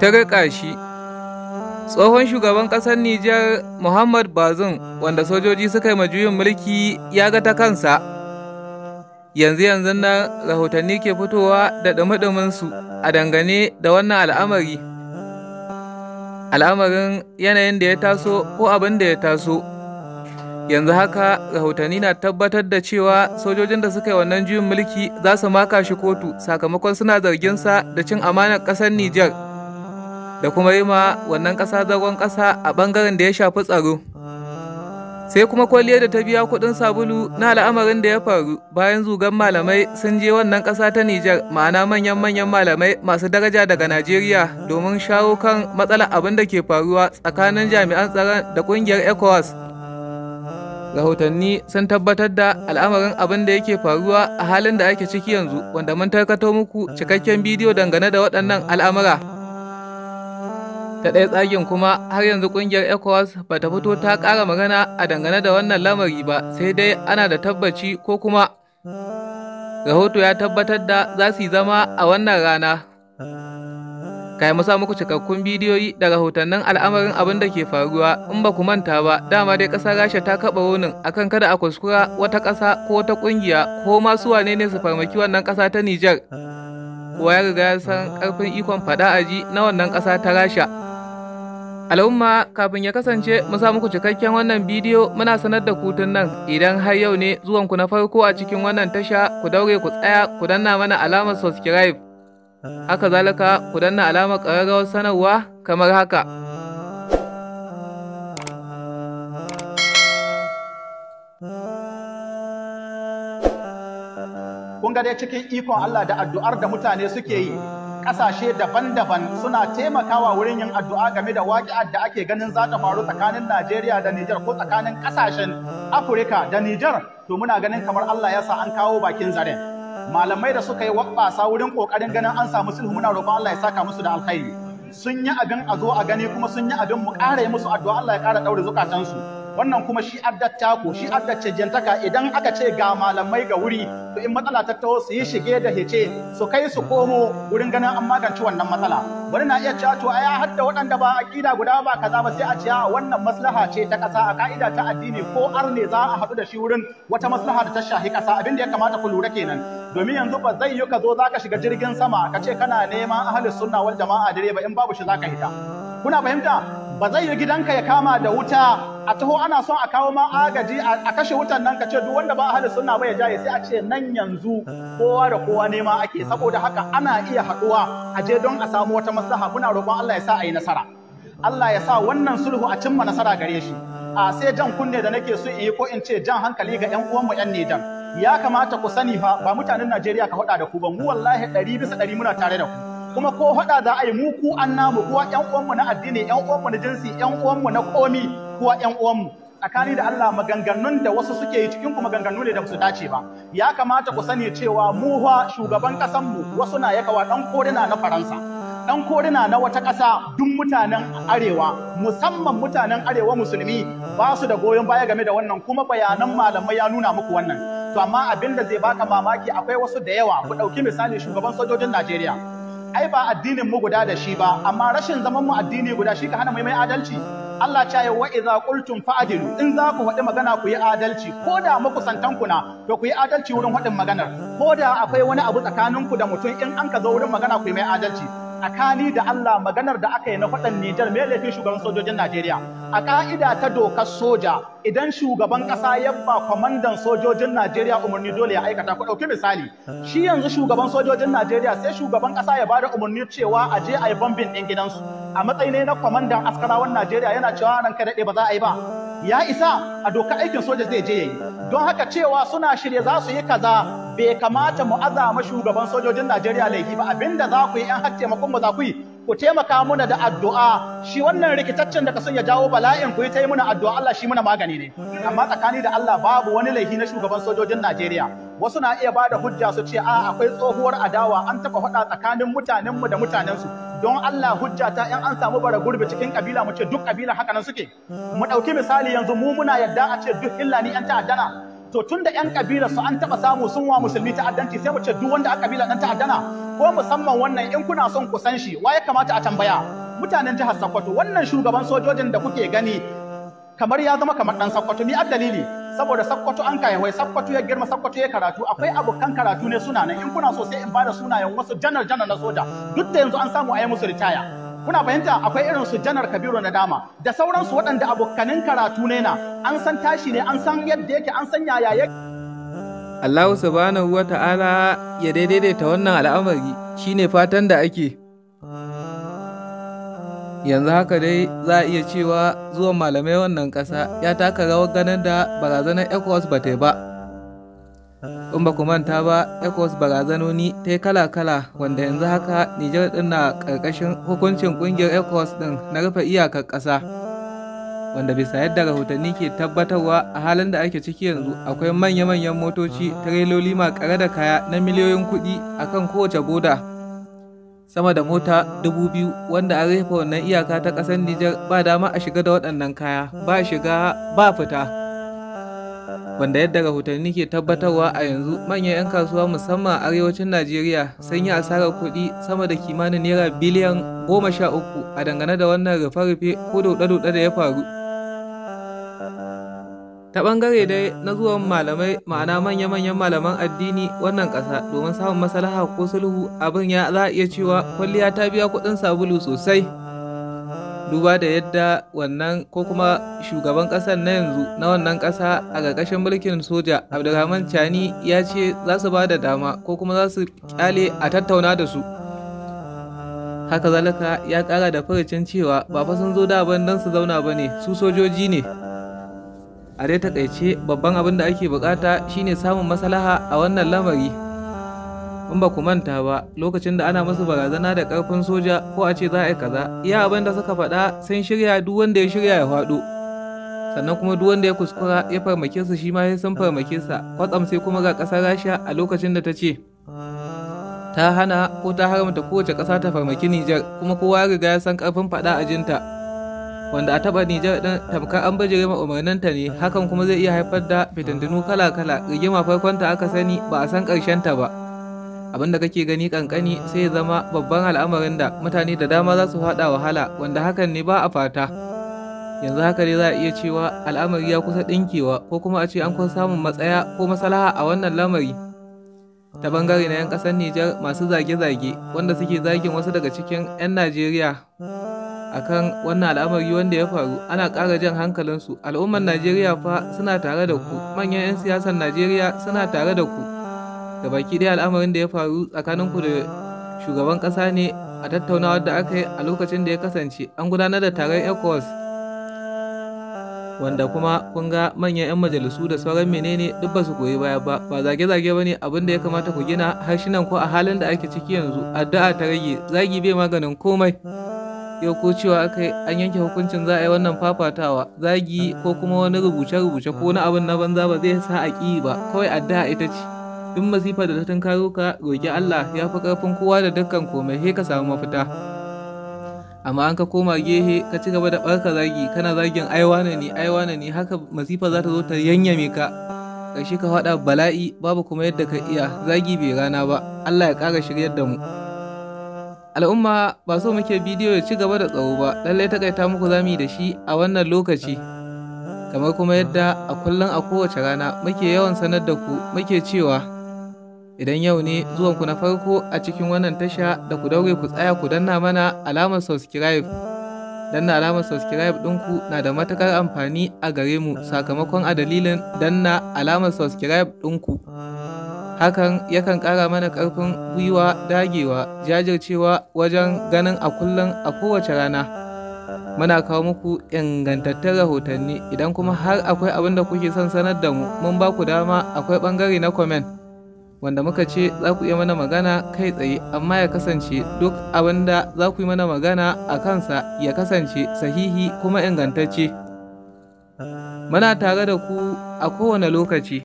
ta ga shi tsohon shugaban ƙasar Nijar Muhammad Bazum wanda sojoji suka yi majuyin mulki ya ga ta kansa yanzu yanzu nan rahotanni ke fitowa da ɗumi su a dangane da wannan al'amari al'amarin yanayin da ya taso ko abin da ya taso yanzu haka rahotanni na tabbatar da cewa sojojin da suka yi wannan juyin mulki za su maka shi kotu sakamakon suna zargin sa da cin amanar kasar Nijar da kuma yi ma wannan ƙasa zagon ƙasa a bangaren da ya shafi tsaro. Sai kuma kwalliyar da ta biya kuɗin sabulu na al'amarin da ya faru bayan zugan malamai sun je wannan ƙasa ta Nijar ma'ana manyan manyan malamai masu daraja daga Najeriya domin shawo kan matsalar abin da ke faruwa tsakanin jami'an tsaron da ƙungiyar ECOWAS rahotanni sun tabbatar da al'amarin abin da yake faruwa a halin da ake ciki yanzu wanda mun tarkato muku cikakken bidiyo dangane da waɗannan al'amura ta ɗaya tsagen kuma har yanzu ƙungiyar ecowas ba ta fito ta ƙara magana a dangane da wannan lamari ba sai dai ana da tabbaci ko kuma rahoto ya tabbatar da za su yi zama a wannan rana Kai mu sa muku cikakkun bidiyoyi da rahotannin al'amarin abin da ke faruwa in ba ku manta ba dama dai ƙasar Rasha ta kaɓa wunin akan kada a kuskura wata ƙasa ko wata ƙungiya ko ma su wane ne su farmaki wannan ƙasa ta Nijar. Kowa ya riga ya san ƙarfin ikon faɗa aji na wannan ƙasa ta Rasha. Al'umma kafin ya kasance mu sa muku cikakken wannan bidiyo muna sanar da kutun nan idan har yau ne zuwanku na farko a cikin wannan tasha ku daure ku tsaya ku danna mana alamar subscribe. haka zalika ku danna alamar ƙararrawar sanarwa kamar haka. Kun ga dai cikin ikon Allah da addu'ar da mutane suke yi, ƙasashe daban-daban suna taimakawa wurin yin addu'a game da waƙi'ar da ake ganin za ta faru tsakanin Najeriya da Nijar ko tsakanin ƙasashen Afirka da Nijar, to muna ganin kamar Allah ya sa an kawo bakin zaren. malamai da suka yi sa wurin ƙoƙarin ganin an samu sulhu muna roƙon Allah ya saka musu da alkhairi sun yi abin a zo a gani kuma sun yi abin mu ƙara musu addu'a Allah ya ƙara ɗaure zukatansu wannan kuma shi addatta ko shi addace jantaka idan aka ce ga malamai ga wuri to in matsala ta taho su yi shige da hece su kai su komo wurin ganin an magance wannan matsala wani na iya cewa to ai hadda waɗanda ba akida guda ba kaza ba sai a ce wannan maslaha ce ta ƙasa a ka'ida ta addini ko ne za a haɗu da shi wurin wata maslaha da ta shahi ƙasa abin da ya kamata ku lura kenan domin yanzu ba zai yi ka zo za ka shiga jirgin sama ka ce kana neman ahalin sunna wal jama'a ba in babu shi za ka hita kuna fahimta ba zai yi gidanka ya kama da wuta a taho ana son a kawo ma agaji a kashe wutan nan ka ce duk wanda ba ahli suna ba ya jaye sai a ce nan yanzu kowa da kowa nema ake saboda haka ana iya haɗuwa a je don a samu wata maslaha muna roƙon Allah ya sa a yi nasara Allah ya sa wannan sulhu a cimma nasara gare shi a sai jan kunne da nake so in yi ko in ce jan hankali ga ƴan uwanmu ƴan Nijar ya kamata ku sani fa ba mutanen Najeriya ka hada da ku ba mu wallahi ɗari bisa ɗari muna tare da ku kuma ko haɗa za a yi mu ku an namu kuwa ƴan uwanmu na addini ƴan uwanmu na jinsi ƴan uwanmu na komi kuwa ƴan uwanmu tsakani da Allah maganganun da wasu suke yi cikin ku maganganu ne da su dace ba ya kamata ku sani cewa mu fa shugaban kasan mu wasu na yakawa ɗan korina na Faransa dan korina na wata ƙasa duk mutanen arewa musamman mutanen arewa musulmi ba su da goyon baya game da wannan kuma bayanan malamai ya nuna muku wannan to amma abin da zai baka mamaki akwai wasu da yawa ku ɗauki misali shugaban sojojin Najeriya ai ba addinin mu guda da shi ba amma rashin zaman mu addini guda shi ka hana mu mai adalci Allah ya wa idza qultum fa'dilu in za ku faɗi magana ku yi adalci ko da makusantan ku na to ku yi adalci wurin faɗin maganar ko da akwai wani abu tsakanin ku da mutum in an ka zo wurin magana ku yi mai adalci tsakani da Allah maganar da aka yi na faɗan Niger mai laifin shugaban sojojin Najeriya a ka'ida ta dokar soja idan shugaban ƙasa ya ba kwamandan sojojin Najeriya umarni dole ya aikata ku dauki misali shi yanzu shugaban sojojin Najeriya sai shugaban kasa ya ba da umarni cewa a je a yi bombin din gidansu a matsayin na kwamandan askarawan Najeriya yana cewa kai daɗe ba za a yi ba ya isa a dokar aikin soja zai je yayi don haka cewa suna shirye za su yi kaza bai kamata mu azama shugaban sojojin Najeriya laifi ba abinda za ku yi in har taimakon ba za ku yi ku taimaka muna da addu'a shi wannan rikitaccen da ka sun ya jawo bala'in ku yi ta yi muna addu'a Allah shi muna magani ne amma tsakani da Allah babu wani laifi na shugaban sojojin Najeriya wasu na iya ba da hujja su ce a akwai tsohuwar adawa an taba faɗa tsakanin mutanenmu da mutanensu don Allah hujja ta in an samu bara gurbi cikin kabila mu ce duk kabila haka nan suke mu ɗauki misali yanzu mu muna yadda a ce duk illa ni yan ta'addana to tun da yan kabila su an taba samu sun wa musulmi ta'addanci sai mu ce duk wanda a kabila dan ta'addana ko musamman wannan in kuna son ku san shi wa ya kamata a tambaya mutanen jihar Sokoto wannan shugaban sojojin da kuke gani kamar ya zama kamar dan Sokoto mi dalili saboda Sokoto an kai wai Sokoto ya girma Sokoto ya karatu akwai abokan karatu ne suna nan in kuna so sai in bada sunayen wasu janar janar na soja duk da yanzu an samu ayi musu ritaya kuna bayanta akwai irin su janar kabiru na dama da sauransu waɗanda abokanin karatu ne na an san tashi ne an san yadda yake an san yaya yake Allahu subhanahu wa ta'ala ya daidaita wannan al'amari Shi ne fatan da ake. Yanzu haka dai za a iya cewa zuwan malamai wannan ƙasa ya taka rawar ganin da barazanar ECOWAS ba ta ba. In ba ku manta ba, ECOWAS barazanoni ta yi kala-kala wanda yanzu haka Nijar ɗin na ƙarƙashin hukuncin ƙungiyar Ecos ɗin na rufe iyakar ƙasa. wanda bisa yadda rahotanni ke tabbatarwa a halin da ake ciki yanzu akwai manya-manyan motoci tireloli makare da kaya na miliyoyin kuɗi a kan kowace boda sama da mota dubu biyu wanda an rufe wannan iyaka ta ƙasar nijar ba dama a shiga da waɗannan kaya ba shiga ba fita wanda yadda rahotanni ke tabbatarwa a yanzu manyan 'yan kasuwa musamman a arewacin najeriya sun yi asarar kuɗi sama da kimanin naira biliyan goma sha uku a dangane da wannan rufe-rufe ko dauɗe-dauɗe da ya faru ta ɓangare dai na zuwan malamai ma'ana manya-manyan malaman addini wannan ƙasa domin samun maslaha ko sulhu abin ya za a iya cewa kwalliya ta biya kuɗin sabulu sosai duba da yadda wannan ko kuma shugaban ƙasar na yanzu na wannan ƙasa a ƙarƙashin mulkin soja abdulrahman chani ya ce za su ba da dama ko kuma za su kyale a tattauna da su haka zalika ya ƙara da farcin cewa ba fa sun zo da don su zauna ba ne su sojoji ne a dai takaice babban abin da ake bukata shine samun maslaha a wannan lamari in ba ku manta ba lokacin da ana musu barazana da karfin soja ko a ce za a yi kaza iya abin da suka faɗa sun shirya duk wanda ya shirya ya faɗo sannan kuma duk wanda ya kuskura ya farmake su shi ma sai sun farmake sa kwatsam sai kuma ga ƙasar rasha a lokacin da ta ce ta hana ko ta haramta kowace ƙasa ta farmaki nijar kuma kowa ya riga ya san ƙarfin faɗa a jinta wanda a taba Nijar ɗin tamkar an baje umarnin ta ne hakan kuma zai iya haifar da fitindunu kala-kala rigima farkon ta aka sani ba a san ta ba abin da kake gani kankani sai zama babban al'amarin da mutane da dama za su faɗa wahala wanda hakan ne ba a fata yanzu haka ne za a iya cewa al'amari ya kusa ɗinkewa ko kuma a ce an kun samun matsaya ko maslaha a wannan lamari ta bangare na 'yan kasar Nijar masu zage-zage wanda suke zagin wasu daga cikin 'yan Najeriya akan wannan al'amari wanda ya faru ana ƙara jan hankalinsu al'ummar najeriya fa suna tare da ku manyan 'yan siyasar najeriya suna tare da ku da baki ɗaya al'amarin da ya faru tsakaninku da shugaban ƙasa ne a tattaunawar da aka yi a lokacin da ya kasance an gudanar da taron ecowas wanda kuma kun ga manyan 'yan majalisu da sauran menene duk ba su koyi baya ba ba zage-zage ba ne abin da ya kamata ku gina harshenan ko a halin da ake ciki yanzu addu'a ta rage zagi bai maganin komai ya ko cewa aka an yanke hukuncin za a yi wannan fafatawa zagi ko kuma wani rubuce-rubuce ko wani abin na banza ba zai sa a ƙi ba kawai addu'a ita ce duk masifa da ta tunkaro ka roƙi Allah ya fi ƙarfin kowa da dukkan komai he ka samu mafita amma an ka koma gehe ka ci gaba da barka zagi kana zagin aiwa ne ni aiwa ne ni haka masifa za ta zo ta yanyame ka ƙarshe ka faɗa bala'i babu kuma yadda ka iya zagi bai rana ba Allah ya ƙara shiryar da mu Al'umma ba so muke bidiyo ya ci gaba da tsawo ba, lallai takaita muku zami da shi a wannan lokaci. Kamar kuma yadda a kullum a kowace rana muke yawan sanar da ku muke cewa idan yau ne zuwanku na farko a cikin wannan tasha da ku daure ku tsaya ku danna mana alamar subscribe. Danna alamar subscribe ɗinku na da matukar amfani a gare mu sakamakon a dalilin danna alamar subscribe ɗinku. hakan yakan ƙara mana ƙarfin gwiwa dagewa jajircewa wajen ganin a kullum a kowace rana muna kawo muku ingantattun rahotanni idan kuma har akwai abin da kuke son sanar da mu mun ba ku dama akwai ɓangare na comment wanda muka ce za ku iya mana magana kai tsaye amma ya kasance duk abin da za ku yi mana magana a kansa ya kasance sahihi kuma ingantacce muna tare da ku a kowane lokaci